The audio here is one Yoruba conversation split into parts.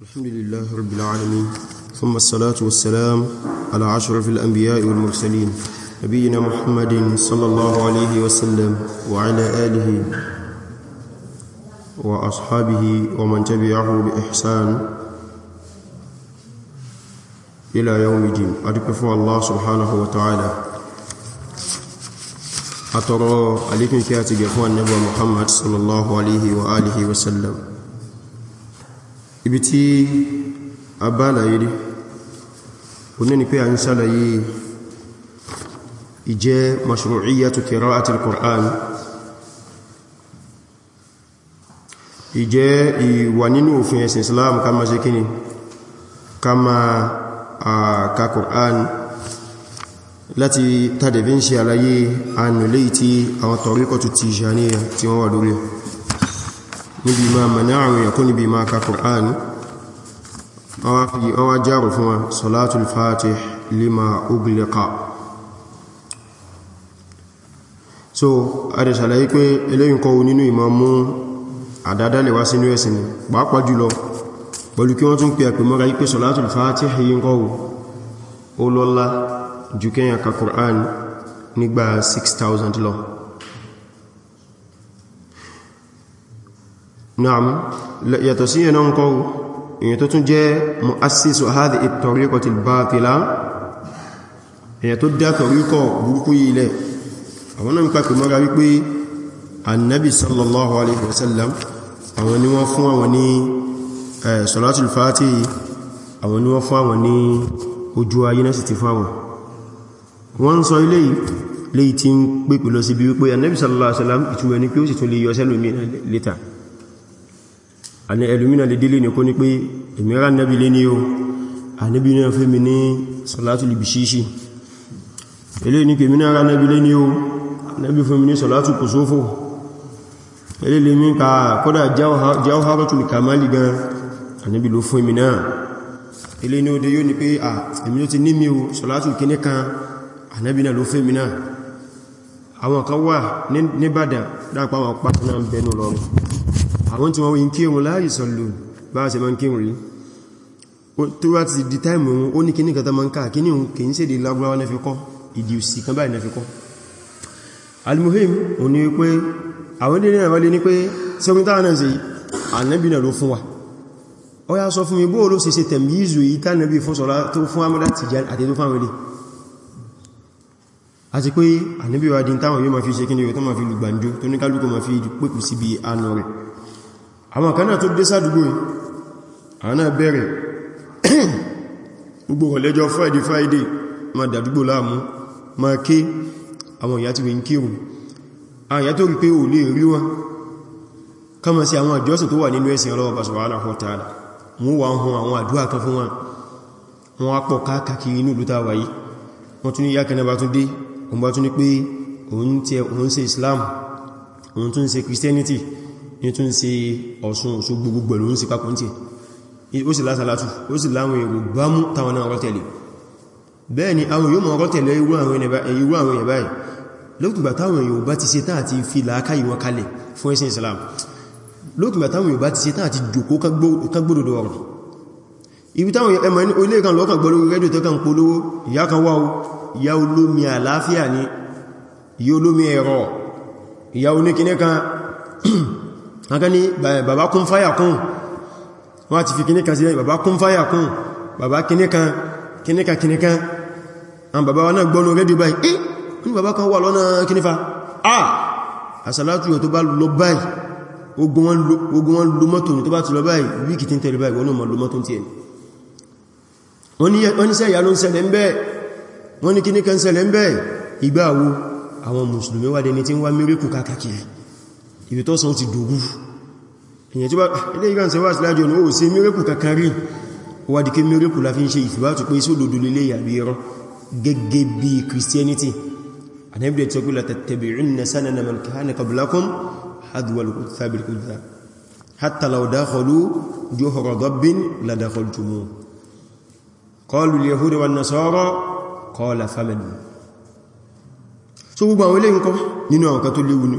الحمد لله رب العالمين ثم الصلاة والسلام على أشرف الأنبياء والمرسلين نبينا محمد صلى الله عليه وسلم وعلى آله وأصحابه ومن تبعه بإحسان إلى يوم الدين أدكفو الله سبحانه وتعالى أترى عليكم كاتب يقوى النبي محمد صلى الله عليه وآله وسلم ibi tí a bá láyé dé oní ni pé a ń sálàyé ìjẹ́ mashru'iyyatu qira'ati al-Qur'an ìjẹ́ ìwà nínú òfin ẹ̀sìn Islam ká ma ṣe kíni ká ma ka Qur'an láti tàdẹ̀bí ń ṣe àlàyé ànìlé tí àwọn tọ̀ríkọ̀ tó Tijaniyya tí wọ́n wà lórí níbi ma mẹ́nà àwọn èèyàn kó níbi ma ka Qur'an ọwá fi ọwá járù fún wa salatul fatih lima ugliqa so adẹ̀ ṣàlàyé pé eléyìn kọ́ nínú ìmọ̀ mú àdádálẹ̀ wá sínú ẹ̀sìn pàápàá jùlọ pẹ̀lú kí wọ́n tún pẹ̀ pẹ̀ mọ́ra wípé salatul fatih yí ń kọ́wù ka Qur'an nígbà 6000 lọ نعم yàtọ̀ sí ẹ̀nà ń kọrù èyàn tó tún jẹ́ mu'assisu hadhi at-tariqati al-batila èyàn tó dá tọ̀ríkọ̀ burúkú ilẹ̀ àwọn náà ń pàkì mọ́ra wípé annabi sallallahu alaihi wasallam àwọn ni wọ́n fún àwọn ní salatul fati àwọn ni wọ́n fún àwọn ní ojú ayé náà sì ti fáwọn wọ́n ń sọ ilé léyìí tí ń pèpè lọ sí bí wípé annabi sallallahu alaihi wasallam ìtúwẹ̀ ní pé ó sì tún lè yọ sẹ́lùmí lẹ́ta àní ẹlùmínà lè délé ní kó ní pé ìmìírà nẹ́bí lé ní o àníbí ní ọ̀fẹ́ mi ní sọ̀látù lè bìṣíṣì ilé ní pèmínà nẹ́bí lé ní o nẹ́bí fún mi ní sọ̀látù kò sófò ilé lè mí ka kọ́dà jáwárọ̀tù ní kàmálì gan àníbí ló fún mi náà ilé ní òde yóò ní pé à àwọn tí wọ́n wí ń kírun láàyè sọ̀lù bá ṣe máa ń kírun rí tó wá ti di táìmù òun ó ní kíní kàtà máa ń ká kíní òun kì í ṣèdè lágbàwá náà fi ìdí òsì kan báyìí náà fi kọ́ almuhim ò ní wípé àwọn ilé náà wọlé ní pé sẹ́gun táwọn náà sí ànábì náà ló fún wa ó yá sọ fún mi bóò ló ṣe ṣe tẹ̀míìzù wa dín táwọn yóò ma fi ṣe kí ni yóò ma fi lùgbàndó tó ní àwọn kan náà tó dé sádùgbò yìí àwọn náà bẹ̀rẹ̀ gbogbo ọ̀lẹ́jọ́ friday friday ma dàdúgbò láàmú ma ké àwọn ìyá ti rí ń kírù àwọn ìyá tó rí pé ò lè rí wọn kama sí àwọn àjọsìn tó wà nínú ẹ̀sìn ọlọ́wọ́ subhanahu wa ta'ala wọ́n wà ń hun àwọn àdúrà kan fún wọn wọ́n á pọ̀ káàkiri inú ìlú tàwà yìí wọ́n tún ní yá islam òun tún ṣe christianity ní tún ṣe Ọ̀ṣun Òṣogbo gbogbo ló ń ṣe papọ̀ tí ó sì lásàlátù ó sì láwọn èrò gbámú táwọn náà rọ́tẹ̀lẹ̀ bẹ́ẹ̀ ni àwọn yóò mọ̀ rọ́tẹ̀lẹ̀ irú àwọn èèyàn báyìí lókùnbà táwọn èèyàn bá ti ṣe táà ti fi làákà ìwọ̀n kalẹ̀ fún ẹ̀sìn Islam lókùnbà táwọn èèyàn bá ti ṣe táà ti jòkó kágbódòdó ọ̀rọ̀ ibi táwọn ẹmọ ilé kan lọ́kàn gbọ́ ni ìyá olómi ẹ̀rọ ìyá oníkiní kan wọ́n kan ní bàbá kún fáyà kún wọ́n ti fi kíní kan sílẹ̀ bàbá kún fáyà kún bàbá kíní kan kíní kan kíní kan àwọn bàbá wọn náà gbọ́nà rẹ̀ dubai eh ní bàbá kan wà lọ́nà fa ah àsàlátù yóò tó bá lọ báyìí ogun wọn lo mọ́tò tó bá ti lọ báyìí lo mọ́tò tí ẹni wọ́n ní sẹ́yà ló ń ṣẹlẹ̀ ń bẹ́ wọ́n ní kíní kan ṣẹlẹ̀ ń bẹ́ ìgbà wo àwọn mùsùlùmí wà dẹni tí ibi tó sàn ti dògú èyàn tí bá ilé ìgbà ń sẹ́wà sílájọ́ ní ó ṣe mírẹ́kù kankan rí ó wá di kí mírẹ́kù la fi ń ṣe ìfìbátù pé sí òdòdó lélé yàbí ẹran gẹ́gẹ́ bí christianity anẹ́bìdẹ̀ tí ó kú latattabi'unna sanana man kana qablakum hadwal thabit so gbogbo àwọn ilé nǹkan nínú àwọn kan tó léwu ni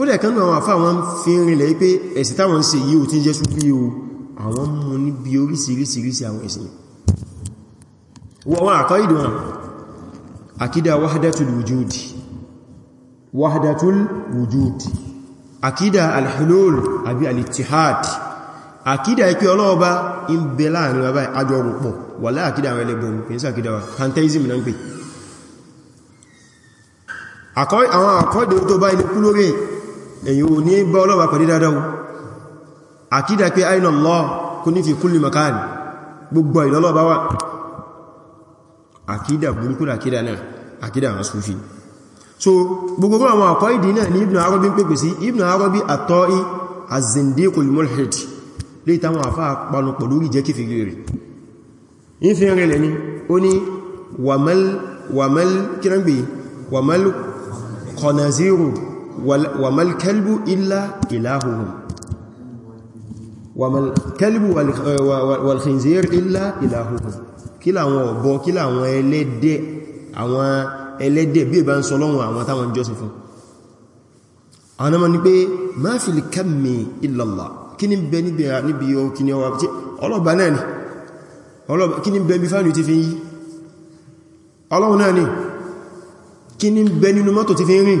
kódẹ̀ kan náà àfá wọn fi ń rinlẹ̀ pé ẹ̀sìn táwọn ń ṣe yìí ò tí jẹ́ súfí o àwọn mú ní bí orísìírísìírísìí àwọn ẹ̀sìn wọ́n àkọ́ ìdí wọn àkídà wahdatul wujud wahdatul wujud àkídà al-hulul àbí al-ittihad àkídà ikẹ́ ọlọ́ọba in bẹ láàrin bàbá àjọ rùpọ̀ wà láàkídà àwọn ẹlẹ́gbọ̀n àkọ́dẹ̀ tó bá inú kú lórí èyí ò ní bá ọlọ́wà pàdé dáadáa àkídà pé aina Allah kò ní fi kulli makan gbogbo ìlọ́lọ́ bá wà àkídà burúkú àkídà náà àkídà àwọn Sufi so gbogbo àwọn àkọ́ ìdí náà ní Ibn Arabi ń pèpè sí Ibn Arabi àtọ́í az-Zindiqul Mulhid lè táwọn àfá panupọ̀ lórí jẹ́ kèfèrí rẹ̀ ìfin rẹ̀ وما الكلب إلا إلههم وما الكلب والخنزير إلا إلههم kílà àwọn ọ̀bọ kílà àwọn ẹlẹ́dẹ̀ àwọn ẹlẹ́dẹ̀ bí ìbá ń sọ lọ́wọ́ àwọn táwọn jọ́sìn fún àwọn ọmọ ni pé ma fil kammi illa Allah kí ní bẹ níbi ọkì ní ọwà kí ní bẹ bí fánù ti fi yí rìn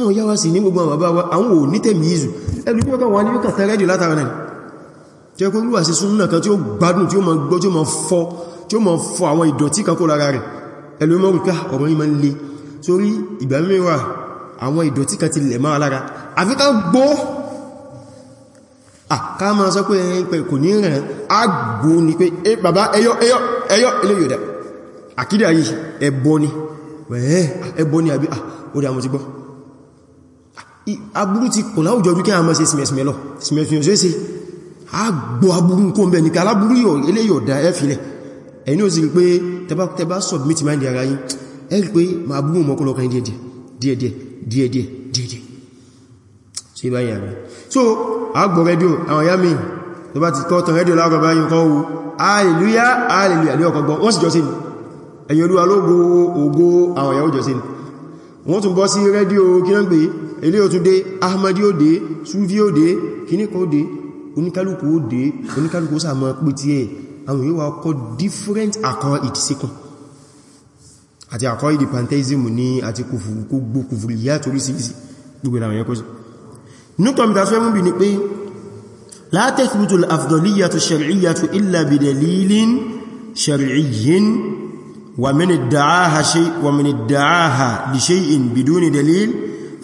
àwọn yáwá sí ní gbogbo àwọn bàbá àwọn ò ní tẹ̀mí ìzù ẹlú bí ọkàn wà ní ọkàn tẹ́rẹ́jì látara nì jẹ́ kó lúwà sí súnnà kan tí ó gbádùn tí ó ma gbọ́ tí ó ma fọ́ tí ó ma fọ́ àwọn ìdọ̀tí kan kó lára rẹ̀ ẹlú mọ́rùká ọ̀rọ̀ yìí ma ń le torí ìgbà mìíràn àwọn ìdọ̀tí kan ti ni pé eh, ni àbí ah ó dá ti gbọ́ aburú ti pọ̀ láwùjọ bí kí a mọ́ sí smẹ̀smẹ̀ lọ smẹ̀fihàn sí sí àgbọ̀ aburú kó ń bẹ̀ ní kalaburú eléyọ̀ dá ẹ́fìlẹ̀ ẹni ó sì rí pé tẹbá submit mind ara yí ẹ rí pé ma aburú mọ́kúnlọ́kan díẹ̀díẹ̀ díẹ̀díẹ̀ díẹ̀díẹ̀ díẹ̀díẹ̀ sí báyìí àmì so àgbọ̀ rẹ́díò àwọn ya mi tó bá ti kọ́ tán rẹ́díò láàrọ̀ báyìí kọ́ wo hallelujah hallelujah ní ọkọ̀ gbọ́n wọ́n sì jọ sí ni ẹ̀yìn olúwa lógo ògo àwọn ìyàwó jọ sí ni wọ́n tún bọ́ ilé ó tún dé ahmadi ó dé sufi ó dé kíníkọ́ ó dé oníkálùkù ó dé oníkálùkù ó sàmọ́ pé tí ẹ àwọn yíwa ọkọ̀ different akọ́ ìdísíkùn àti akọ́ ìdí pantheism ní àti kòfùrùkú kòfùrìyà torí sí gbogbo àwọn ẹ̀kọ́ sí nukọ̀ mi tàṣẹ́ mú bí ni pé la tathbutu al-afdaliyyatu ash-shar'iyyatu illa bidalilin wa man idda'aha li shay'in biduni dalil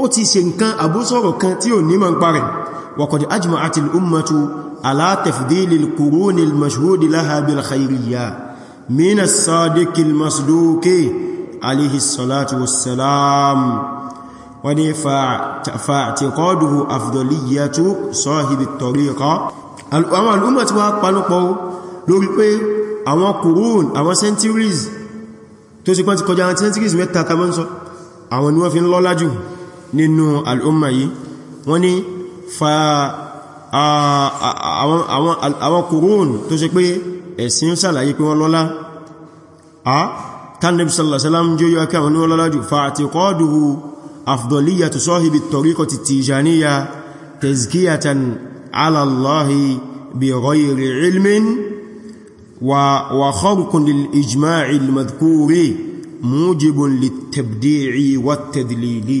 ó ti ṣe nǹkan àbúsọ̀rọ̀ kan tí ò ní mọ̀ ń parẹ̀ وقد أجمعت الأمة على تفضيل القرون المشهود لها بالخيرية من الصادق المصدوق عليه الصلاة والسلام فاعتقاده أفضلية صاحب الطريقة الأمة وقالوا lórí pé àwọn kòróòn àwọn centuries tó sì pọ́n ti kọjá àwọn centuries mẹ́ta kamọ́ ń sọ àwọn ni wọ́n fi ń lọ́lá nínú al'umma yìí wọ́n ní fa àwọn kòrónù tó ṣe pé ẹ̀sìn sàlàyé pé wọ́n lọ́lá a tánàbí sallàsálàm jẹ́ yóò kí àwọn ní wọ́n lọ́lá jù fa àti kọ́dùhù afdọ̀líyà tó sọ́hìbì tọ̀ríkọ̀ ti tìjàníyà tezkiyatan alàlọ́hì bí rọ́yìrì ilmin wa kharqun lil ijma'il madhkuri mujibun lit tabdi'i wat tadlili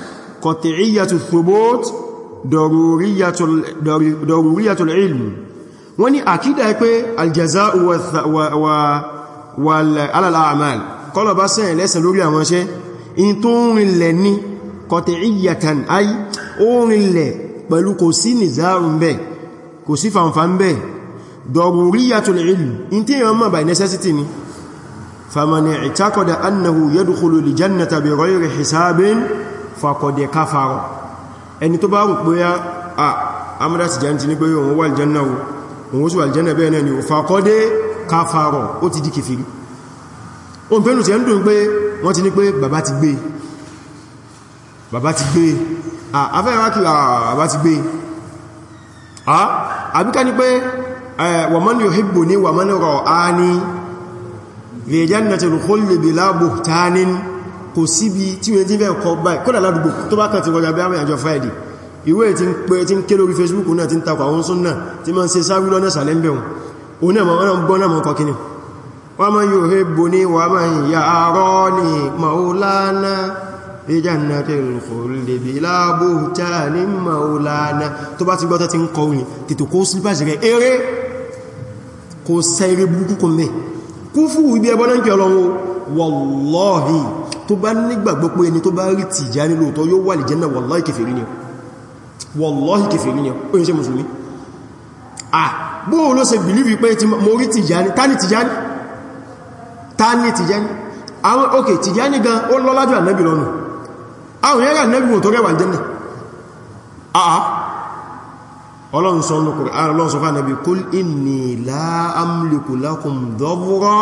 kọ̀tìíyàtù thubut daruriyatul ilm wọ́n ní àkídà pé aljaza wà alàlàmàl kọlọ̀ bá sẹ́yìn lẹ́sẹ̀ lórí àwọn iṣẹ́ in tó rinlẹ̀ ní kọ̀tìíyàtàn ayi ó rinlẹ̀ pẹ̀lú kò sí nìzárùn bẹ́ kò sí fanfà ń bẹ́ daruriyatul ilm in tí yàn mọ̀ by necessity ni famani ìtakọ̀dà annahu yadkhulu fàkọ̀dẹ̀ káfàrọ̀ ẹni tó bá rò pé a amúdá sì jẹ́ ní pé òun wà aljanna òun sì wà aljanna bẹ́ẹ̀ náà ni ò fàkọ̀dẹ̀ káfàrọ̀ ó ti di kìfìrí ohun pẹ̀lú ti ẹndùn pé wọ́n ti ní pé bàbá ti gbé bàbá ti gbé afẹ́rákì bàbá kò síbi tí wọ́n ti fẹ́ kọ báyìí kódà ládùgbò tó bá kàn ti kọjá bí àjọ friday ìwé tí ń pẹ́ tí ń ké lórí facebook náà tí ń takọ̀ àwọn súnnà tí ma ń ṣe sáwí lọ́nà sàlẹ̀ ń bẹ̀rún òun náà wọ́n gbọ́n náà mọ́ kọkíní wa man yuhibbuni wa man ya'rani maulana bi jannatil khuldi bila buhtani maulana tó bá ti gbọ́ta ti ń kọ òyìn tètò kó sílípàṣì rẹ̀ eré kò sẹ́rẹ̀ burúkú kò mẹ́ kúfù ibi ẹbọ́n náà ń kẹ ọlọ́run wallahi tó bá nígbàgbọ́ pé ẹni tó bá rí Tìjàní lóòtọ́ yóò wà lè jẹ́nà wallahi kèfèrí ni wallahi kèfèrí ni ó yíṣẹ́ mùsùlùmí ah bó o ló ṣe bìlífì pé mo rí Tìjàní tání Tìjàní tání Tìjàní àwọn ok Tìjàní gan ó lọ́lájú ànẹ́bì lọ́nà àwọn yẹ́rà ànẹ́bì wọn tó rẹwà jẹ́nà ah ọlọ́run sọ ní Kùránì ọlọ́run sọ fún ànàbí kul inni la amliku lakum dọ́wọ́rọ́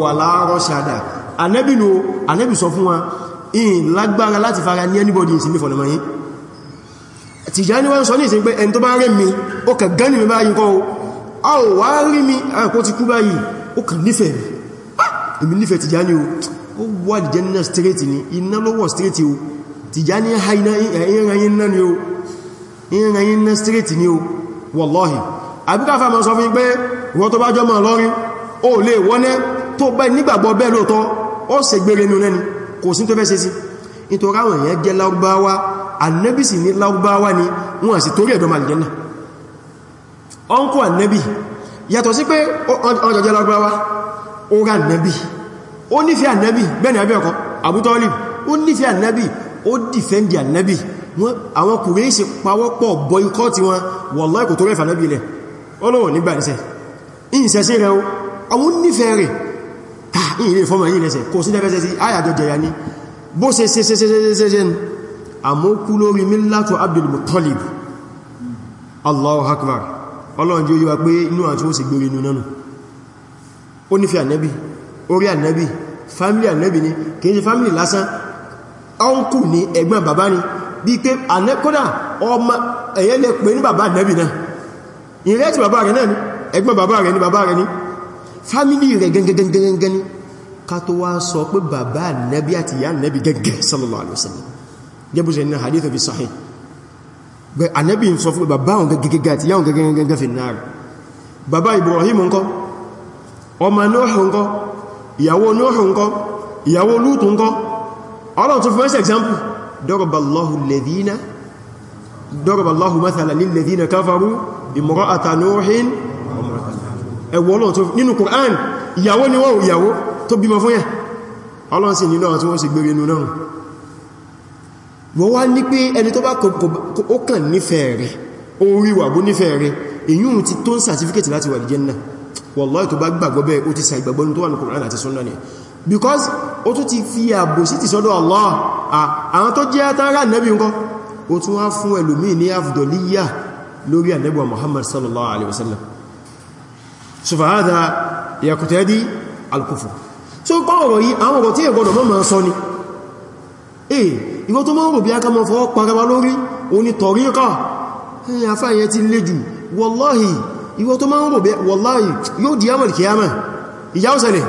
wà láàárọ̀ ṣàdá ànàbí ní ànàbí sọ fún wa in lágbára láti fara ní anybody ìsinmi fọ̀nàmọ́ yìí Tìjàní wọ́n sọ ní ìsin pé ẹni tó bá rẹ̀ mi ó kà gán ní mi báyìí kọ́ a ò wá rí mi àkó ti kú straight ni iná lọ́wọ́ straight o Tìjàní ha iná ẹ̀yẹn ra náà ni o ìran yí ná street ní o wallahi àbíkáfà mọ́ sọ fún pé wọ́n tó bá jọ mọ̀ lọ́rin ó lè wọ́nẹ́ tó bá nígbàgbọ́ bẹ́ẹ̀ lóòtọ́ ó ṣe gbére nínú lẹ́ni kò sí tó fẹ́ ṣe sí nítorí àwọn èèyàn jẹ́ lárúbáwá annabi sì ní lárúbáwá ni wọ́n sì torí ẹ̀dọ́ màlìjẹ́nà ọkù annabi yàtọ̀ sí pé ọjọ́ jẹ́ lárúbáwá ó rà annabi ó nífẹ̀ẹ́ annabi bẹ́ẹ̀ ni abẹ́ ọkọ̀ Abu Talib ó nífẹ̀ẹ́ annabi ó dìfẹ́ndì annabi àwọn kùrẹ́sì pawọ́pọ̀ boycott wọn wallahi kò tó rẹ̀ fànábí ilẹ̀ ọlọ́wọ̀ nígbà ìṣẹ́ ìṣẹ́sí rẹ̀ àwọn onífẹ́ rẹ̀ ta ìrìn fọ́mọ̀ yìí lẹ́sẹ̀ kò sí lẹ́fẹ́sẹ̀ sí ayàjọ jẹ̀yà ní bó ṣe ṣe ṣe ṣe ṣe ṣe ṣe àmókú lórí millatu Abdul Muttalib Allahu Akbar ọlọ́run jí ó yíwa pé inú àti ó sì gbórí inú náà ó nífẹ́ ànẹ́bì orí ànẹ́bì fámílì ànẹ́bì ni kìí ṣe fámílì lásán ọ́nkù ni ẹ̀gbọ́n bàbá ni bí pé anẹ́kọ́dà ọmọ ẹ̀yẹ́ lè pè ní bàbá nẹ́bì náà ìrẹ́ tí bàbá rẹ̀ náà ni ẹgbẹ́ bàbá rẹ̀ ni bàbá rẹ̀ ni fámílì rẹ̀ gẹ́gẹ́gẹ́gẹ́gẹ́ ni ká tó wá sọ pé bàbá nẹ́bì àti ìyá nẹ́bì gẹ́gẹ́ sallallahu alaihi wasallam gẹ́bù ṣe ní hadith fi sahih bẹ́ anẹ́bì ń sọ fún bàbá òun gẹ́gẹ́gẹ́ àti ìyá òun gẹ́gẹ́gẹ́ fi náà bàbá Ibrahim example ضرب الله الذين ضرب الله مثلا للذين كفروا بمرأة نوح ẹwọ ọlọ́run tó nínú Kùránì ìyàwó ni wọ́n ìyàwó tó bímọ fún yẹn ọlọ́run sì nínú àwọn tí wọ́n sì gbèrè inú náà wọ́n wá ní pé ẹni tó bá ó kàn nífẹ̀ẹ́ rẹ̀ orí wà bó nífẹ̀ẹ́ rẹ̀ èyún ti tó ń sàtífíkẹ̀tì láti wà because ó tún ti fi àbò sí ti sọ́dọ̀ Allah àwọn tó jẹ́ tánrà nẹ́bí ńkọ́ ó tún wá fún ẹlòmí ní afdoliya lórí ànẹ́bọ̀ Muhammad sallallahu alaihi wasallam ya kutadi al-kufr so kọ́ ọ̀rọ̀ yìí àwọn ọ̀rọ̀ tí ẹ eh ìwọ́n tó mọ́ rò bí aka mọ́ fọ́ parama lórí oní tọ̀ríkà eh, wallahi ìwọ́n tó mọ́ rò bí wallahi yóò di yamal kiyama ìyá òsẹ̀lẹ̀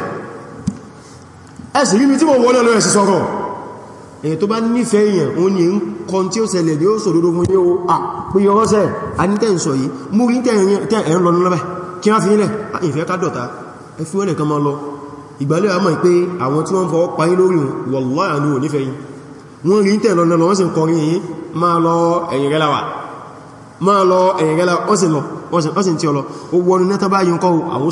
ẹ̀sì rí mi tí mo wọ́n lọ́lọ́ ẹ̀sì sọ́rọ̀ èyàn tó bá nífẹ̀ẹ́ èyàn o ní ń kan tí ó ṣẹlẹ̀ ní ó sòdodo fún yíó à pé yọrọ́ sẹ́ anítẹ́ ń sọ yìí mú rí tẹ́ ẹ̀ ń lọ lọ́bẹ̀ kí wọ́n fi nílẹ̀ ìfẹ́ ká dọ̀ta ẹ fi wọ́lẹ̀ kan mọ́ lọ ìgbàlẹ̀ àmọ́ pé àwọn tí wọ́n fọwọ́ pa yín lórí wọ̀láà ní onífẹ́ yín wọ́n rí tẹ́ lọ lọ wọ́n sì kọrin yìí máa lọ ẹ̀yìn rẹ̀ láwà máa lọ ẹ̀yìn rẹ̀ láwà wọ́n sì lọ wọ́n sì ti ọlọ ó wọnú nẹ́tọ́ báyìí ń kọ́ àwọn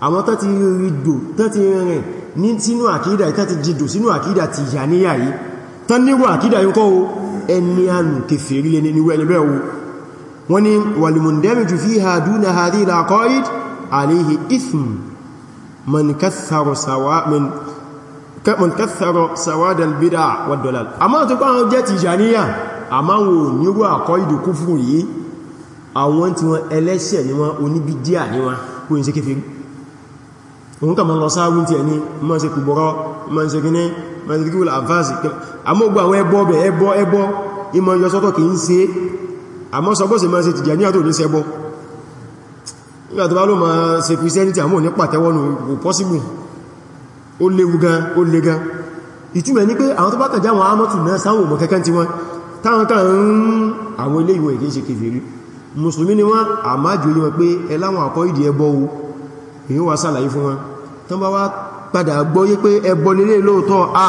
àwọn tó ti rìdò tó ti rìn ní sínú àkídà tó ti jìdò sínú àkídà ti yà níyà yìí tó níwò àkídà yíkọ́ o ẹni ànù kèfèrí lè ní wẹ́lẹ̀ bẹ́ẹ̀ o wọ́n ni wàlìmùndẹ́mìjù fi ha dúnà ha dí lákọ́ìd àléhì ìfìm man kásàrọ̀ sàwádàl bídà wàdọ̀lá àmọ́ tó kọ́ àwọn jẹ́ ti yà níyà àmọ́ wọn ò níwò ẹlẹ́ṣẹ̀ ni wọ́n oníbídíà ni wọ́n kó yí sí òun kà mọ́ lọ sáàwí tí ẹni mọ́ sí kùbọ̀rọ̀ mọ́ sí gíní mọ́ sí gíwìl àfáàsì àmógbà àwọn ẹbọ bẹ̀ ẹbọ ẹbọ ìmọ̀ yọsọ́tọ̀ kìí ṣe àmọ́ sọgbọ́sì ma ṣe christianity àmọ́ ní pàtẹ́wọ́nù possible ó léwu gan ó le gan ìtumẹ̀ ní pé àwọn tó bá kàjá àwọn amọ́tù náà sáwọn òmọ̀ kẹ́kẹ́ tí wọ́n táwọn kan ń àwọn ẹbọ́ èyí wà sàlàyé fún wọn tán bá wá padà gbọ́yé pé ẹbọ nílé lóòtọ́ à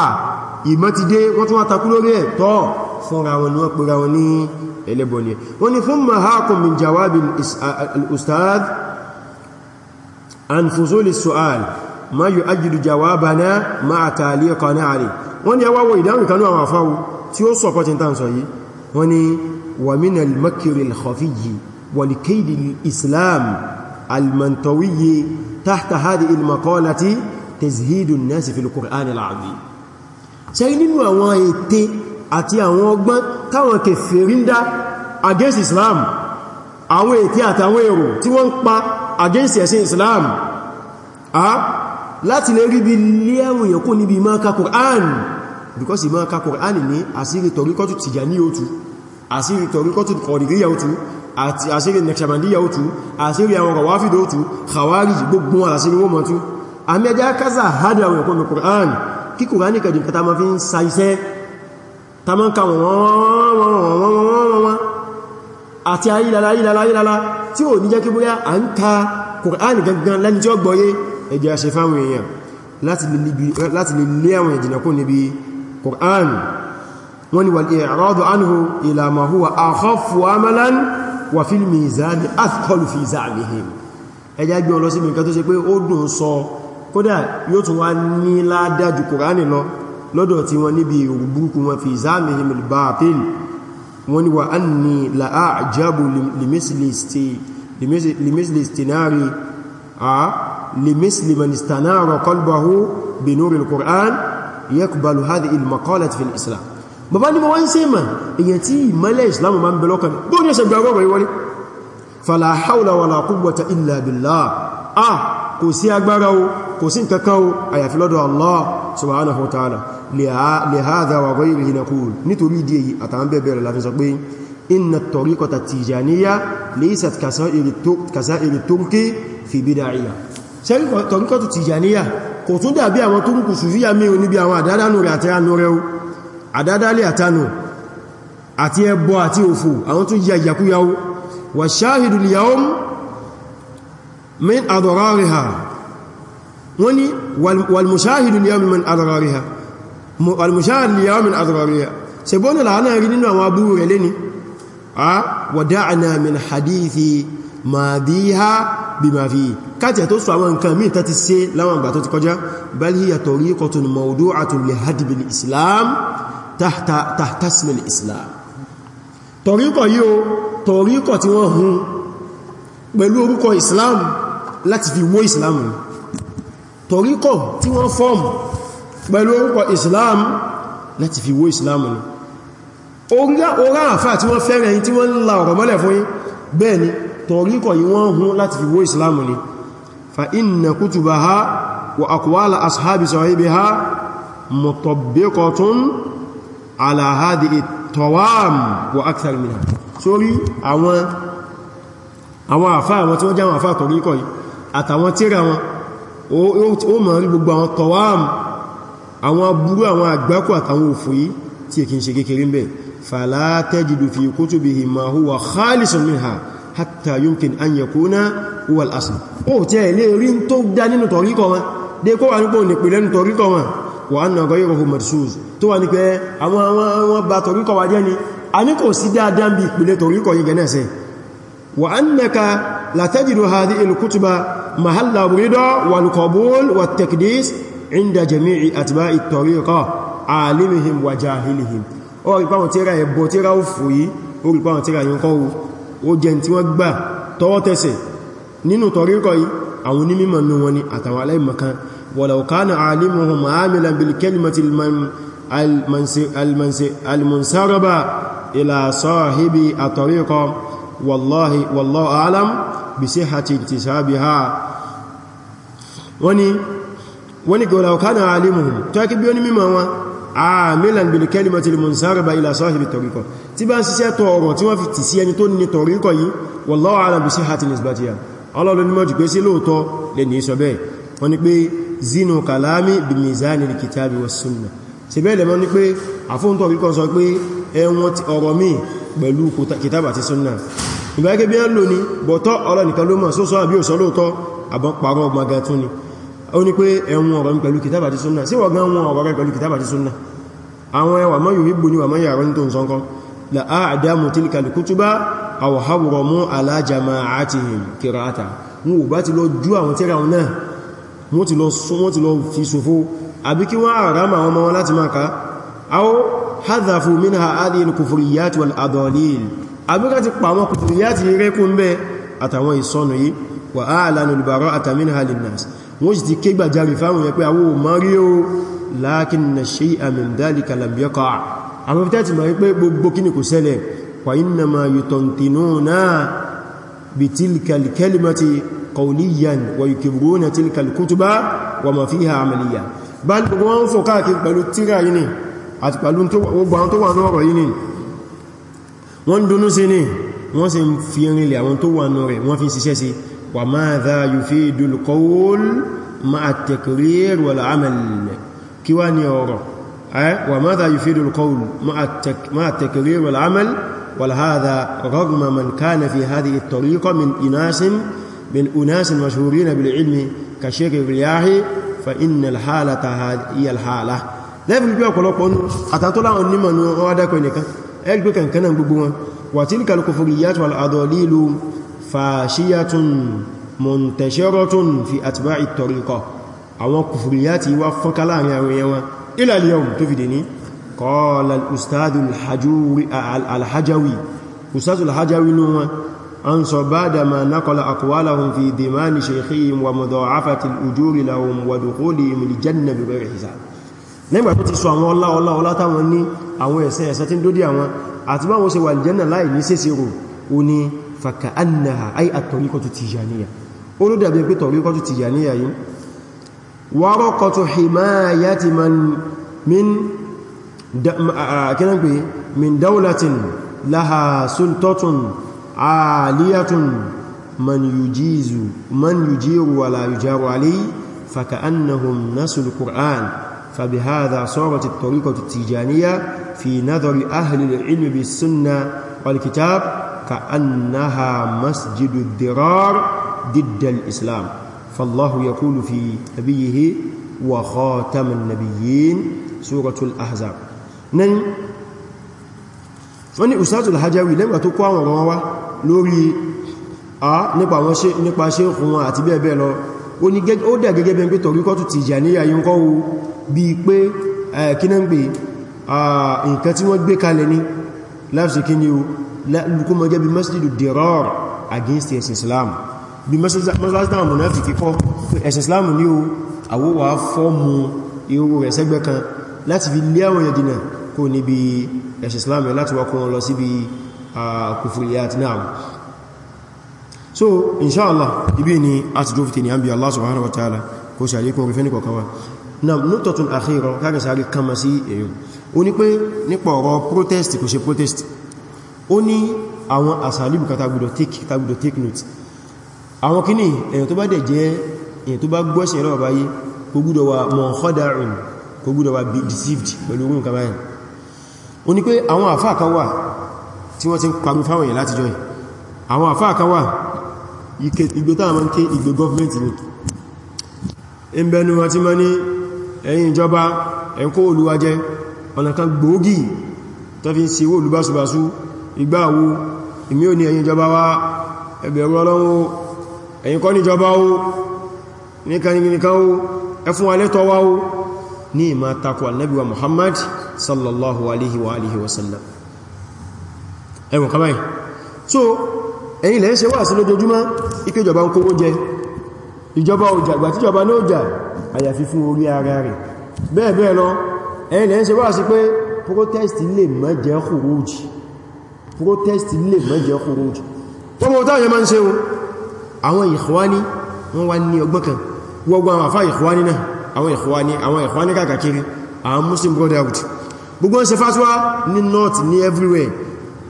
ìmọ̀ ti dé wọ́n tún wá takú lórí ẹ̀ tọ́ fúnra wọn ni wọ́n pèrà wọn ní ẹlẹ́bọ wọ́n ni fún mahakum min ustad an su'al ma yu'ajjidu jawabana ma ta'liqana alayh wa min al-makri khafiyyi wa li islam المنطوي تحت هذه المقالة تزهيد الناس في القرآن العظيم سيدين àwọn ète àti àwọn ọgbọ́n táwọn kèfèríndá against Islam àwọn ète àtàwọn èrò tí wọ́n against ẹ̀sìn Islam a láti lè rí bí lé àwọn èèyàn kó níbi máa ka Qur'an because ìmáa ka Qur'an ní àsírí tọ̀ríkọ́tù Tìjàníyà ó tú àsírí tọ̀ríkọ́tù Kọ̀dìríyà ó tú àti àṣírí nẹ̀ṣàbàndíyà ó tú àṣírí àwọn kọwàáfìdó ó tú khawarij gbogbo àṣírí wọ́n mọ̀ tú àmẹ́já kásà hádà àwọn ẹ̀kọ́ Qur'an kí Qur'an wọ́n ni wal i'radu anhu ila huwa akhafu amalan wà fí mìzánì athqalu fi za'mihim ẹjá gbé ọlọ́ sí nǹkan tó ṣe pé ó dùn sọ kódà yóò tún wá ní ládájú kòránì lọ lọ́dọ̀ tí wọ́n níbi òrùbúrúkú wọn fi za'mihim al-batil wọ́n ni wà anni la'ajabu limisli bàbá ní wọ́n se ma èyàn tí ìmọ́lẹ̀ islamu ma ń bẹ lọ́kàn bó ní ẹsẹ̀ gbàgbọ́ rẹ̀ wọ́n ni fala hawla wala quwwata illa billah ah kò sí agbára o kò sí nǹkankan o àyàfi lọ́dọ̀ Allah subhanahu wa ta'ala li hadha wa ghayrihi naqul nítorí ìdí èyí àtàwọn bẹ̀bẹ̀rẹ̀ láti sọ pé inna at-tariqata at-tijaniyya laysat kasa'iri turki fi bid'iyya sẹ́rí àdádálẹ̀ àtànù àti ẹbọ àti òfò àwọn tó yà yàkúyàwó wà ṣáhìdù liyawm min adorariha wọ́n ni walmushahidu liyawm min adorariha walmushahidu liyawm min adorariha ṣe bọ́nà láàrín rí nínú àwọn abúrú rẹ̀ lẹ́ni a wada'na min hadithi ma biha bima fi káàtì tó sọ àwọn nǹkan mí tàti sí láwọn àgbà tó ti kọjá bal hiya tariqatun mawdu'atun li hadbil islam tahta tahta ismi islam tọ̀ríkọ̀ yíò tọ̀ríkọ̀ tí wọ́n hun pẹ̀lú orúkọ islam láti fi wó islam tọ̀ríkọ̀ tí wọ́n fọ́m pẹ̀lú orúkọ islam láti fi wó islam orá àfáà tí wọ́n fẹ́rẹ̀ yìí tí wọ́n la ọ̀rọ̀ mọ́lẹ̀ fún yín bẹ́ẹ̀ ni tọ̀ríkọ̀ yìí wọ́n hun láti fi wó islam ni fa inna kutubaha wa aqwala ashabi sahibiha mutabbiqatun ala hadhihi tawam wa akthar minha sórí àwọn àwọn àfá àwọn tí wọ́n jẹ́ àwọn àfá àtọ̀ríkọ̀ yìí àtàwọn tíra wọn ó mọ̀ rí gbogbo àwọn tawam àwọn burú àwọn àgbákò àtàwọn òfò yìí tí è kí ń ṣe kékeré ń bẹ̀ fala tajidu fi kutubihi ma huwa khalisun minha hatta yumkin an yakuna huwa al-asl ó wà náà gọ́ yíò marsuz tó wà ní pé àwọn àwọn bá toríkọ̀ wà jẹ́ ni a ní kò sí dáadáa bí ìpìlẹ̀ toríkọ̀ yìí gẹ̀nẹ́ sẹ wà annaka látẹ́jìdò hadhi ilkutuba mahalla buridọ walqabul wa tekdis inda jami'i atba ìtoríkọ̀ alimihim wa jahilihim ó rí pàwọn tíra ẹ̀bọ̀ tíra ó fò ولو كان عالمهم عاملا بالكلمة المنسربة إلى صاحب الطريقة والله والله أعلم بصحة اكتسابها وني وني ولو كان عالمهم تاكب يوني مما هو عاملا بالكلمة المنسربة إلى صاحب الطريقة تبان سيسي طورو تما في تسياني توني طريقة والله أعلم بصحة نسبتها الله لن يمجي كيسي لوتو لن يسبه وني zinu kalami bi mizani al-kitabi was-sunna ṣe bẹ́ẹ̀ lẹ́mọ́ ní pé àfóǹtọ̀ kíkọ́ sọ pé ẹwọn ọ̀rọ̀ mi pẹ̀lú kìtàbà àti sunna ìgbàgẹ́ bí án lò ní bọ̀tọ́ ọ̀rọ̀ nìkan ló mọ̀ sóso àbí òsọ́ lóòtọ́ àbọn parọ́ ọgbàgà tún ni ó ní pé ẹwọn ọ̀rọ̀ mi pẹ̀lú kìtàbà àti sunna sí wọ̀gán wọn ọ̀rọ̀ rẹ̀ pẹ̀lú kìtàbà àti sunna àwọn ẹwà mọ́ ala jama'atihim qira'ata wọn ò ti lọ jú àwọn tírà wọn náà wọ́n ti lọ sún wọ́n ti lọ fi ṣòfò àbí kí wọ́n àrámà àwọn ọmọ wọn láti máa ká aó hadhafu minha adil kufuriyat wal adalil àbí ká ti pa àwọn kufuriyat rẹ́kún bẹ́ àtàwọn ìsọnù yìí wa alanu al-bara'ata minha linnas wọ́n sì قوليا ويكبرون تلك الكتب وما فيها عمليا بل بغوان فوكاك بلو تيرايني ات بلو انتو وغوان تو وانو رايني وان دونو سيني وان سين فيرين لي وان تو وانو ري وان في سيسي وماذا يفيد القول مع التكرير والعمل كيواني اورو ايه وماذا يفيد القول مع التك مع التكرير والعمل ولهذا رغم من كان في هذه الطريقه من اناس من أناس مشهورين بالعلم كشيخ الرياحي فإن الحالة هي الحالة lẹ́bìn bí ọ̀pọ̀lọpọ̀ ọ̀nà àtàtọ́lá ọ̀nà nímọ̀ ní wọ́n dákọ̀ ẹnìkan ẹgbẹ́ kankan náà gbogbo wọn wà tí nìkan kò fòrí yàtọ̀ al'adọ̀lílù fàṣíyàtún mọ̀ntẹ̀ṣẹ́rọ̀tún fi àtìbá ìtọ̀ríkọ̀ àwọn kùfùrìyàtì wá fọ́nká láàrin àwọn èèyàn wọn إلى اليوم تفيدني قال الأستاذ الحجوي الحجوي أستاذ الحجوي نوما أنصر بعدما نقل أقوالهم في دمان شيخهم ومضاعفة الأجور لهم ودخولهم الجنة بغير حساب nígbà tó ti sọ àwọn ọlá ọlá ọlá táwọn ní àwọn ẹ̀sẹ̀ ẹ̀sẹ̀ tí ń dódí àwọn àti bá wọ́n ṣe wà ìjẹ́nà láì ní sẹ́sẹ̀ rò ó ní fàkà annaha ay àtọ̀ríkọtù tìjàníyà ó ló dàbí pé tọ̀ríkọtù tìjàníyà yìí wárọ́kọtù himayati min dawlatin laha sultatun عالية من يجيز من يجير ولا يجار علي فكأنهم نسوا القرآن فبهذا صارت الطريقة التيجانية في نظر أهل العلم بالسنة والكتاب كأنها مسجد الدرار ضد الإسلام فالله يقول في نبيه وخاتم النبيين سورة الأحزاب نن فني أستاذ الحجاوي لم أتقوى وروا lórí a nípa wọn ṣe nípa ṣe fún wọn àti bẹ́ẹ̀ bẹ́ẹ̀ lọ ó ní ó dẹ̀ gẹ́gẹ́ bẹ́ẹ̀ pé tọ̀ríkọ́ tó Tìjàníyà yín kọ́ wo bí i pé kíná ń gbé nǹkan tí wọ́n gbé kalẹ̀ ní láti against Islam bí masjidu munafiki kọ́ Islam ní o àwọ́wà fọ́ọ̀mù irú rẹ̀ sẹ́gbẹ́ kan láti fi lé àwọn èdè náà kò níbi ẹ̀sìn Islam láti wakọ̀ lọ kufuriyat na'am so inshallah ibi ni a ti jófite ni an bi Allah subhanahu wa ta'ala kó ṣàlékún orí fẹ́ni kọ̀kọ́wà na nutotun akhira káàkiri sáré kama sí èyí o ní pé nípa ọ̀rọ̀ protest kò ṣe protest ó ní àwọn asalibu ká tagbùdọ̀ take tagbùdọ̀ take note àwọn kíní èyàn tó bá dẹ̀ jẹ́ èyàn tó o ní àwọn àfáà kan tí wọ́n ti ń pàgbé fáwọn èèyàn láti jọyìn àwọn àfáà kan wà ìgbé táà mọ́ ń ké ìgbé gọ́ọ̀mẹ́ntì ni in bẹnu wọn tí mọ́ ní ẹ̀yìn ìjọba ẹ̀kọ́ olúwa jẹ́ ọ̀nà kan gbòógì tó fi ń ṣe owó olúbásubású ìgbàwo èmi ò ní ẹ̀yìn ìjọba wá ẹgbẹ̀rún ọlọ́wọ́ ẹ̀yìn kọ́ níjọba ó níkanìkan ó ẹfún wa lẹ́tọ́ wá ó ní sallallahu alaihi wa alihi wasallam ẹwọ̀n kàbáyì so ẹ̀yin lẹ́ ṣe wà sí lójoojúmọ́ ìkéjọba ń kówó jẹ ìjọba òjà àgbà tíjọba ní òjà àyàfi fún orí ara rẹ̀ bẹ́ẹ̀ bẹ́ẹ̀ lọ ẹ̀yin lẹ́ ṣe wà sí pé protest lè má jẹ́ khuruj protest lè má jẹ́ khuruj wọ́n mọ́ táwọn yẹn máa ń ṣe o àwọn ìkhwani wọ́n wá ní ọgbọ́n kan gbogbo àwọn àfá ìkhwani náà àwọn ìkhwani muslim brotherhood gbogbo ń ṣe fásitì ní north ní everywhere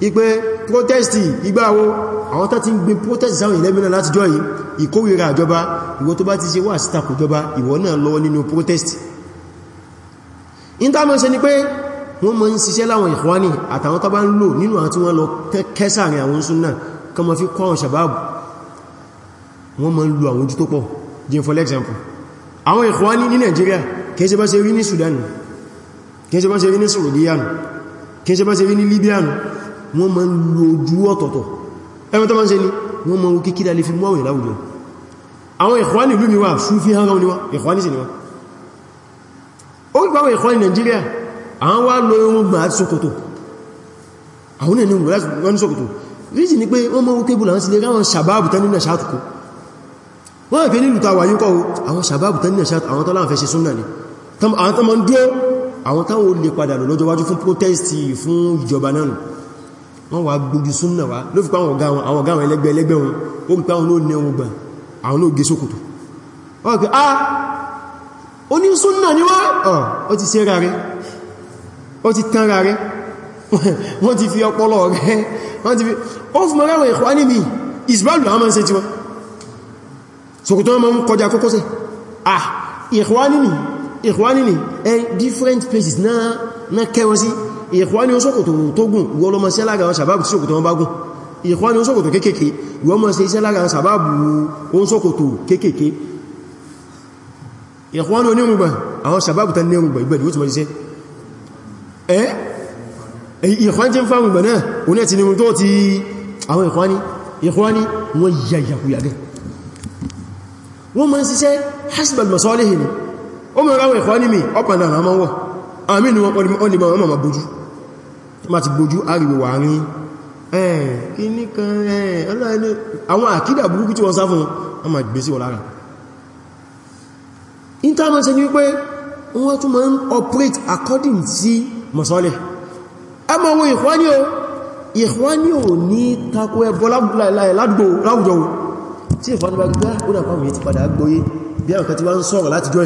ipé protesti ìgbàwo àwọn tó ti ń gbin protesti sáwọn ìlẹ́mìnà láti jọ yìí ìkórìíra àjọba ìwọ tó bá ti ṣe wà sítakò jọba ìwọ náà lọ́wọ́ nínú protesti intanọ́sẹ ni pé wọ́n mọ́ ń ṣiṣẹ́ láwọn ìkwáni àtàwọn tó bá ń lò nínú àwọn tí wọ́n lọ kẹsàrin àwọn súnnà kan for example àwọn ìkwáni ní Nigeria kẹsẹ bá ṣe rí ní Sudan kẹsẹ bá ṣe rí ní Sudan kẹsẹ bá wọ́n máa ń lo ojú ọ̀tọ̀tọ̀ ẹwọ́n tó máa ń ṣe ní wọ́n máa ń kí kídà lè fi mú àwẹ̀ láwùjọ àwọn ìkwáni ìlú mi wà Sufi hàn ní wọ́n ìkwáni sí ni wọ́n ó gbà wọ́n ìkwáni Nàìjíríà àwọn wá lo irun gbà àti ṣòkòtò àwọn ẹni wọ́n ní ṣòkòtò ríṣì ni pé wọ́n mọ́ wókébù láwọn sílé ráwọn sàbáàbù tán nínú ṣàtùkú wọ́n ìfẹ́ nílùú tàwà yíkọ́ àwọn sàbáàbù tán nínú ṣàtùkú àwọn tọ́lá àfẹ́ ṣe súnnà ni àwọn tán mọ́ ń dúró àwọn táwọn olè padà lọ lọ́jọ́ wájú fún protesti fún ìjọba náà wọ́n wá gbójú súnnà wá ló fi pàwọn ọ̀gá wọn ẹlẹ́gbẹ́ ẹlẹ́gbẹ́ wọn ó rí pàwọn olóòrùn ẹ̀wọ̀n gbà àwọn olóògé sókòtò wọ́n kẹ́ ah ó ní súnnà ní wá ó ti sẹ́ra rẹ̀ ó ti tán ra rẹ̀ wọ́n ti fi ọpọlọ rẹ̀ wọ́n ti fi ó fún mọ́ráwọ̀ ẹ̀kọ́ á níbi ìsìbálù àwọn mọ́sẹ̀ tí wọ́n sókòtò wọn mọ́ kọjá kókósẹ̀ ah ìkwánìní ìkwánìní ẹ̀ different places náà kẹwọ́ sí ìyẹ̀kùwá ní oṣòkòtò tó gùn wọ́n lọ mọ́ sí lára àwọn sàbábù tí ṣòkòtò wọn bá gùn ìyẹ̀kùwá ní oṣòkòtò kéèkéé wọ́n mọ́ sí iṣẹ́ lára àwọn sàbábù oṣòkòtò kéèkéé ìyẹ̀kùwá ní onírùngbà àwọn sàbábù tán nírùngbà ìgbẹ̀dì ó ti mọ́ sí ẹ́ ìyẹ̀kùwá jẹ́ fárùngbà náà oní ẹ̀tì nírùn tó ti àwọn ìyẹ̀kùwá ní wọ́n yàyàkuyàgẹ́ wọ́n mọ́ sí mi ọ̀pàdà àmọ́ wọ́ àmì ni wọ́n lè mọ́ ọmọ bójú ma ti gbójú ariwo wà rí ẹ̀ẹ̀ kíní kan ẹ̀ẹ̀ ọlọ́ẹ̀ni àwọn àkídà burúkú tí wọ́n sá fún wọn ma gbé sí wọ́n lára internet ni wípé wọ́n tún ma ń operate according sí mọ̀sọ́lẹ̀ a ma wo ìkwáni o ìkwáni o ní takò ẹbọ láwùjọ tí ìkwáni bá gbá ó dà pàwọn ti padà gbóyé bí àwọn kan ti wá ń sọ̀rọ̀ láti jọ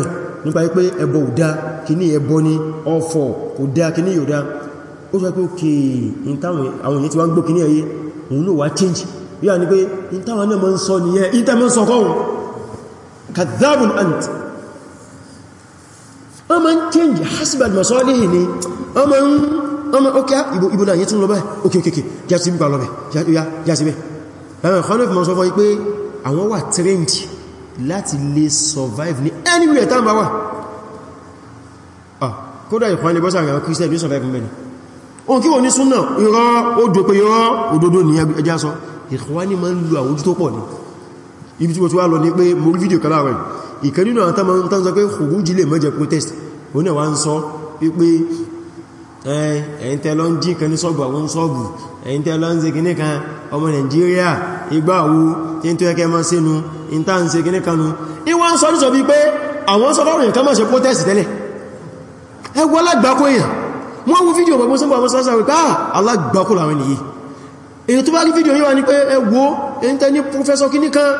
nípa wípé ẹbọ ò dá kíní ni ọfọ̀ kò dá kíní yóò ó sọ pé òkè ìntàwọn èyí tí wọ́n gbókì ní ẹ̀yẹ òun ló wá change bí a ní pé ìntàwọn náà mọ́ ń sọ nìyẹn ìntàwọn sọ kọ́ kathabun ant wọ́n ma ń change hasbad masọ́lẹ̀ ni wọ́n ma ń ọmọ ókè ìbò ìbò náà yẹ tún lọ bẹ́ òkè òkè jásí bí pàlọ́bẹ̀ jásí bẹ́ ẹ̀rọ ìkọ́nà ìfìmọ̀ sọ fọ́ pé àwọn wà trained láti lè survive ní anywhere tán bá wà ah, kódà ìkọ́nà ìbọ́sà àwọn christian ní survive ohun kí wọ́n ní súnà irọ́ odò pé irọ́ òdodo ní ẹjá sọ ìkwáni ma ń lo àwọn ojú tó pọ̀ ní ibi tí mo ti wá lọ ní pé mo fídíò kalára rẹ̀ ìkan nínú àwọn tánmà pé kòrújì lè mẹ́jẹ protest oní ẹ̀wà ń sọ pé ẹ̀yìn tẹ́ lọ ń jí kan ní sọ́ọ̀bù àwọn sọ́ọ̀bù ẹ̀yìn tẹ́ lọ ń ṣe kìní kan ọmọ Nàìjíríà igbá àwú tí ń tó ẹkẹ mọ́ sínú ìta ń ṣe kìní kanú wọ́n wú fídíò bàbá sọ́bọ̀ àwọn sọ́sọ́ wípé ah, alágbàkúrò àwọn ènìyàn èyí tó bá rí fídíò yíwa ní pé ẹwọ èyí tẹ́ ní púfẹ́sọ́ kí ní kan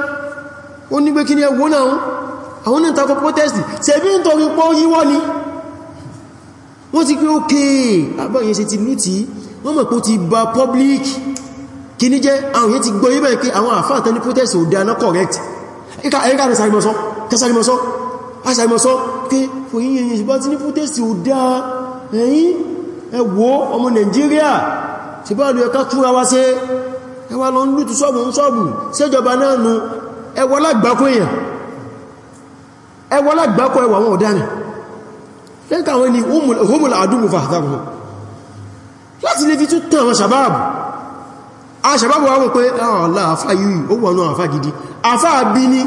ó ní pé kí ní ẹwọ náà àwọn ní ìtakọ̀ protest sẹ́bí ń torí pọ́ yíwọ́ ni wọ́n ti pé ókè àbáyẹn ṣe ti lúti wọ́n mọ̀ pé ó ti ba public kí ní jẹ́ àwọn yẹn ti gbọ́ yíbẹ̀ pé àwọn àfáà tẹ́ ní protest ò dáná correct ẹ̀ka ẹ̀ka rẹ̀ sàrìmọ̀sọ́ kẹsàrìmọ̀sọ́ kí fòyíyẹn yẹn ṣe bá ti ní protest ò dáa ẹ̀yìn ẹ wò ọmọ Nàìjíríà ti bá lè ẹ̀ká túnra wá sí ẹwà lọ ń lútù sọ́ọ̀bù ń sọ́ọ̀bù séjọba náà nu ẹwà lágbàkó èèyàn ẹwà lágbàkó ẹwà wọn ọ̀daràn lẹ́kà wọn ni homul adúmù fàtàkùn láti lè àwọn sàbáàbù a sàbáàbù wọn pé ọ̀lá ah, àfá yìí ó wọnú àfá gidi àfá bí ní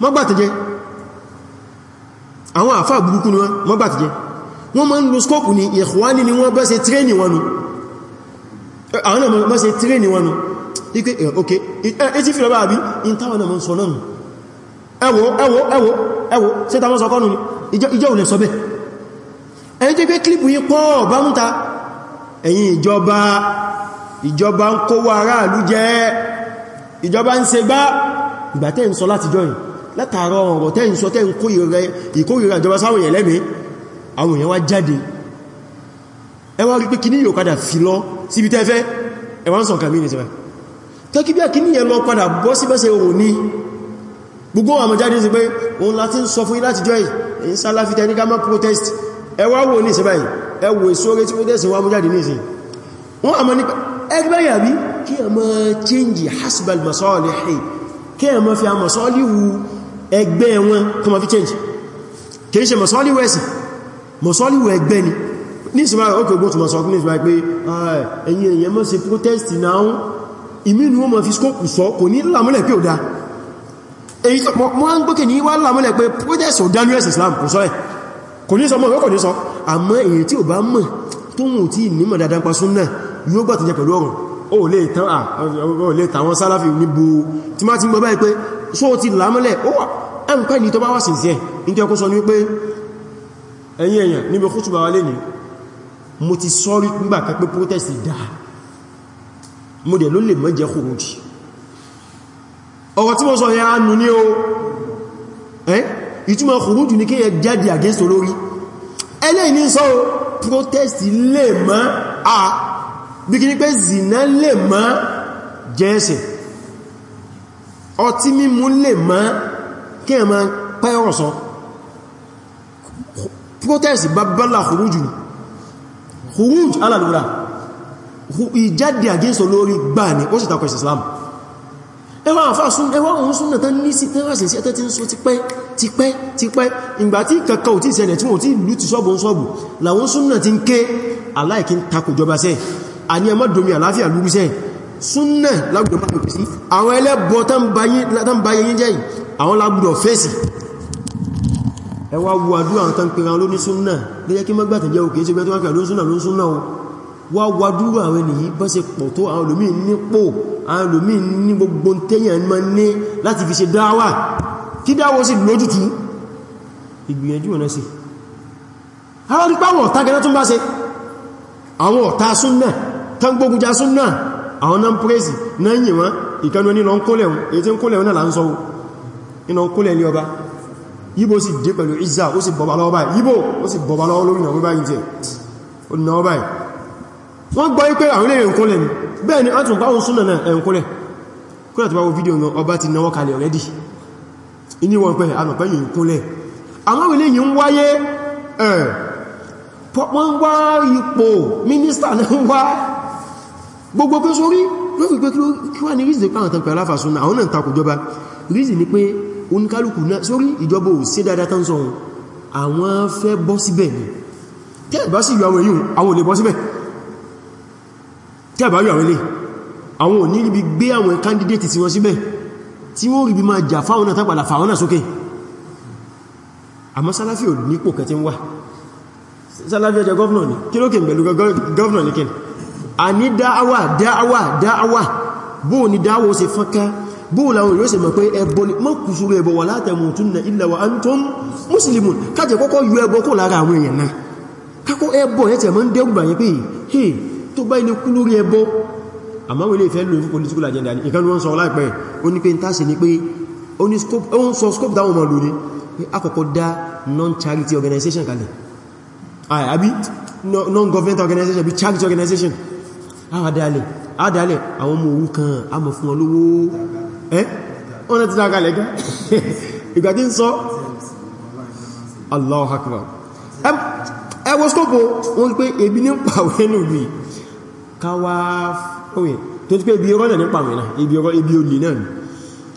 mọ́gbàtẹ̀jẹ́ àwọn àfá burúkú ni wọ́n mọ́gbàtẹ̀jẹ́ wọ́n máa ń lo scope ní ìkwáni ni wọ́n bá ṣe tréni wọnú àwọn náà bá ṣe tréni wọnú ike eh, ok eh, etí fìlọ bá àbí in táwọn náà mọ́ sọ náà ẹwọ ẹwọ ẹwọ ẹwọ ṣe tàwọn sọ kọ́nù ìjọ ò lè sọ bẹ́ ẹ̀yìn jẹ́ pé kílìpù yí pọ́ bá ń ta ẹ̀yìn ìjọba ìjọba ń kówó aráàlú jẹ́ sọ láti jọyìn látàrọ ọ̀rọ̀ tẹ́ ń sọ tẹ́ ń kó ìrẹ́ àwọn èèyàn wá jáde ẹ wá rí pé kí ní yóò padà fi lọ síbi tẹ́fẹ́ ẹ wá ń sọ kàmí nìtìwá tọ́kí bí àkíní yẹn lọ padà bọ́ sí bẹ́sẹ̀ òun ní gbogbo àmọ́ jáde sí pé òun láti ń sọ fún yín láti jọ protest ẹ wá wò ní ìsẹ́báyìí ẹ protest wá mú jáde ní ìsìn wọ́n àmọ́ nípa kí ẹ change hasbal masalihi kí ẹ má fi a masalihu ẹgbẹ́ wọn kọmọ change kìí ṣe masalihu ẹ̀sìn mọ̀sọ́líwò ẹgbẹ́ ni nísìnbáyé ókè ogbó tó mọ̀ sọ fún ìsìnbáyé pé ah, ẹ̀yìn èyàn mọ́ sí protest náà ìmínú wọn fi skópù sọ kò ní lámúlẹ̀ pé ò dá èyí tó mọ́ ń gbókè ní wá lámúlẹ̀ pé protest ò dánú ẹ̀sì Islam kò sọ ẹ̀ kò ní sọ mọ́ ìwọ́kọ̀ ní sọ àmọ́ èyí tí ò bá mọ̀ tó wùn tí nímọ̀ dáadáa pa súnnà yóò gbà tó jẹ pẹ̀lú ọ̀rùn ó lè tán à ó lè tàwọn sálàfì níbo tí má ti gbọ́ báyìí pé só ti lámúlẹ̀ ó wà ẹnkọ́ ni tó bá wà sí sí ẹ̀ ní kí ọkọ́ sọ ní pé ẹ̀yin èèyàn níbi kútùbà wa lè ní mo ti sọ́rí nígbà kan pé protest dá mo dẹ̀ ló lè mọ́ jẹ́ kòròjì ọ̀rọ̀ tí mo sọ yẹ ánú ní o ẹ́ ìtumọ̀ kòròjì ní kíyẹ jáde against olórí ẹlẹ́yìn ní sọ protest lè a bí kí zina lè mọ́ jẹ́ẹ̀sẹ̀ ọtí mímú lè mọ́ kí sọ protest babbala khuruju khuruj alalura ìjáde against olórí gbà ní ó sì takọ̀ Islam ẹwà àfáà sún ẹwà òun súnnà tán ní sí tẹ́wà sí ẹ́tẹ́ tí ń sún ti pẹ́ ti pẹ́ ti pẹ́ ìgbà tí kàkà ò tí ìṣẹ̀lẹ̀ tí wọ́n tí ìlú ti sọ́bù ń sọ́bù làwọn súnnà ti ń ké aláìkí ń takò jọba sẹ́ àní ẹmọ́ domi àláfíà lúrú sẹ́ súnnà lágbùdọ̀ ẹwà wo àdúrà àwọn tán pèrà ló ní súnnà lẹ́yẹ́ kí mọ́gbàtí jẹ́ òkè ṣẹgbẹ́ tó wá kàdó súnnà ló súnnà o wá wo àdúrà àwọn ènìyàn bọ́ ṣe pọ̀ tó àwọn olómi nípò àwọn olómi ní gbogbo tẹ́yàn ma ní láti fi ṣe dáwà kí dáwọ́ sì lójútú ìgbìyànjú ọ̀nà sí àwọn nípa àwọn ọ̀tá gẹ́nà tún bá ṣe àwọn ọ̀tá súnnà tán gbógunjà súnnà àwọn náà pírẹ́sì náà yìnwọ́n ìkanu ẹni lọ ń kólẹ̀ yíbo sì dé pẹ̀lú ìzà ó sì bọba lọ́wọ́ báyìí yíbo ó sì bọba lọ́wọ́ lórí ìnáwó báyìí tẹ́ ó náwó báyìí wọ́n gbọ́ wípé àwọn ilé ẹ̀kúnlẹ̀ ni bẹ́ẹ̀ ni ọ́tún báwọn súnà náà ẹ̀kúnlẹ̀ kúrò already iní wọn pẹ̀lẹ̀ àmọ̀pẹ́yìn ìkúnlẹ̀ àwọn ilé yìí ń wáyé ẹ̀ wọ́n wá ipò mínísítà náà wá gbogbo pé sórí lórí pé kí wá ní rízì pé àwọn tàn pẹ̀lú àfàsúnà ni pé oníkálùkù náà sórí ìjọba ò sí dáadáa tán sọ àwọn fẹ́ bọ́ síbẹ̀ ni tẹ́ẹ̀bá sì yọ àwọn èyí àwọn ò lè bọ́ síbẹ̀ tẹ́ẹ̀bá yọ àwọn ilé àwọn ò ní ríbi gbé àwọn candidate sí wọn síbẹ̀ tí wọ́n ríbi máa jà fáwọn náà tàpàlà fáwọn náà sókè àmọ́ sálàfí ò nípò kẹtí ń wà sálàfí ọjọ́ gọ́vnà ní kí ló kè pẹ̀lú gọ́vnà ní kí a ní dáàwà dáàwà dáàwà bóò ní dáàwà ó ṣe fọ́nká bóòlà àwọn yóò sì mọ̀ pé ẹbọ ni mọ́ kùsùrù ẹbọ wà látẹ̀mù tún nà illa wa antum muslimun kájẹ̀ kọ́kọ́ yọ ẹbọ kó lára àwọn èèyàn náà kákọ́ ẹbọ yẹ́ tẹ̀ mọ́ ń dẹ́gbà yẹ́ pé hey tó bá ilé kú lórí ẹbọ àmọ́ wọlé ìfẹ́ lórí fún political agenda ní ìkan wọ́n sọ scope dáwọn ọmọ lórí pé àkọ́kọ́ non-charity organization kalẹ̀ àbí non-government organization bí charity organization àwádálẹ̀ àwọn ọmọ òwú kan a mọ̀ fún ọlọ́wọ́ Eh? ọ̀nà ti dára lẹ́gán ìgbà tí ń sọ Allahu Akbar ẹwọ skópo wọ́n pé ebi ní pàwẹ́ lórí káwà fọ́wẹ́ tó ti pé ibi ọrọ̀ náà ní pàwẹ́ náà ibi ọrọ̀ ibi olè náà ni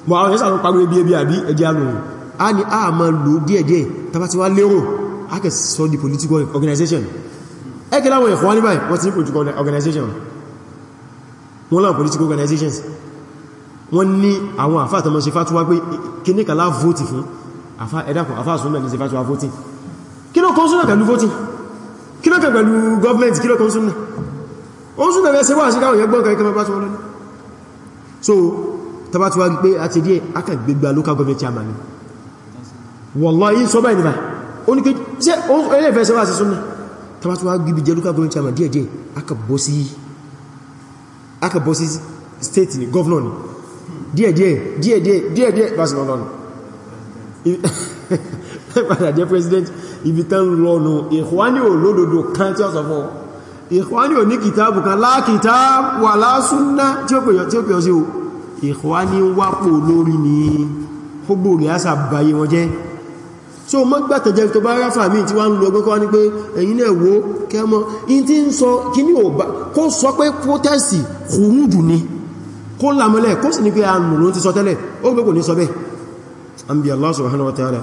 mọ̀ àwọn ẹ̀sà ló pàwẹ́ ibi ebi àbí ẹjẹ́ alùhùn a ní a ma lò díẹ̀díẹ̀ tàbá ti wá lérò akẹ́ sọ di political organization ẹgẹ́ láwọn ẹ̀kọ́ wá ní báyìí wọ́n ti political organizations wọ́n ní àwọn àfá àtọmọ̀ sí fàtíwá pé kíníkà lá vótì fún àfá ẹ̀dàkùn àfá àsúnmọ̀ ní sí fàtíwá vótì kí ló kọ́nsúnà pẹ̀lú vótì kí ló kọ́ pẹ̀lú gọ́ọ̀mẹ́ntì kí ló kọ́nsúnà wọ́n súnà rẹ̀ sẹ́wọ́ àṣíká òyìn gbọ́nkà ikẹ́ mẹ́bá tí wọ́n lọ́nà so tàbá tí wá rí pé a ti díẹ̀ aka local government chairman ni wallahi sọ báyìí nípa ó ní pé ṣe ẹlẹ́ ìfẹ́ sẹ́wọ́ àṣí súnà tàbá tí wá gbíbi jẹ́ local government chairman díẹ̀díẹ̀ aka bọ́ sí state ni governor ni díẹ̀díẹ̀ díẹ̀díẹ̀ díẹ̀díẹ̀ barcelona padà jẹ́ president ibi tán lọ́nu ìkwáni ò lódòdó kan tí ó sọ fún ìkwáni ò ní kìtàbù kan láàkìtà wà lásúnná tí ó pèyàn tí ó pèyàn sí o ìkwáni wápò lórí ní gbogbo rẹ̀ àṣà báyé wọn jẹ́ so mọ́ gbàtẹ̀jẹ́ tó bá ráfà mí tí wọ́n ń lọ gbẹ́kọ́ ní pé ẹ̀yin náà wo kẹ́mọ́ in ti ń sọ kí ní ò bá kó sọ pé protest kó lámọ́lẹ̀ kó sì ní pé àánú ló ti sọ tẹ́lẹ̀ ó gbé kò ní sọ bẹ́ àbí Allah subhanahu wa ta'ala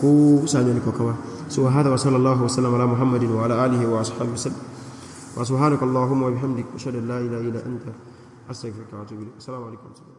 kó sáàni ní kọkawa so wa hada wa sallallahu wa sallam ala muhammadin wa ala alihi wa ashabi sallam wa subhanaka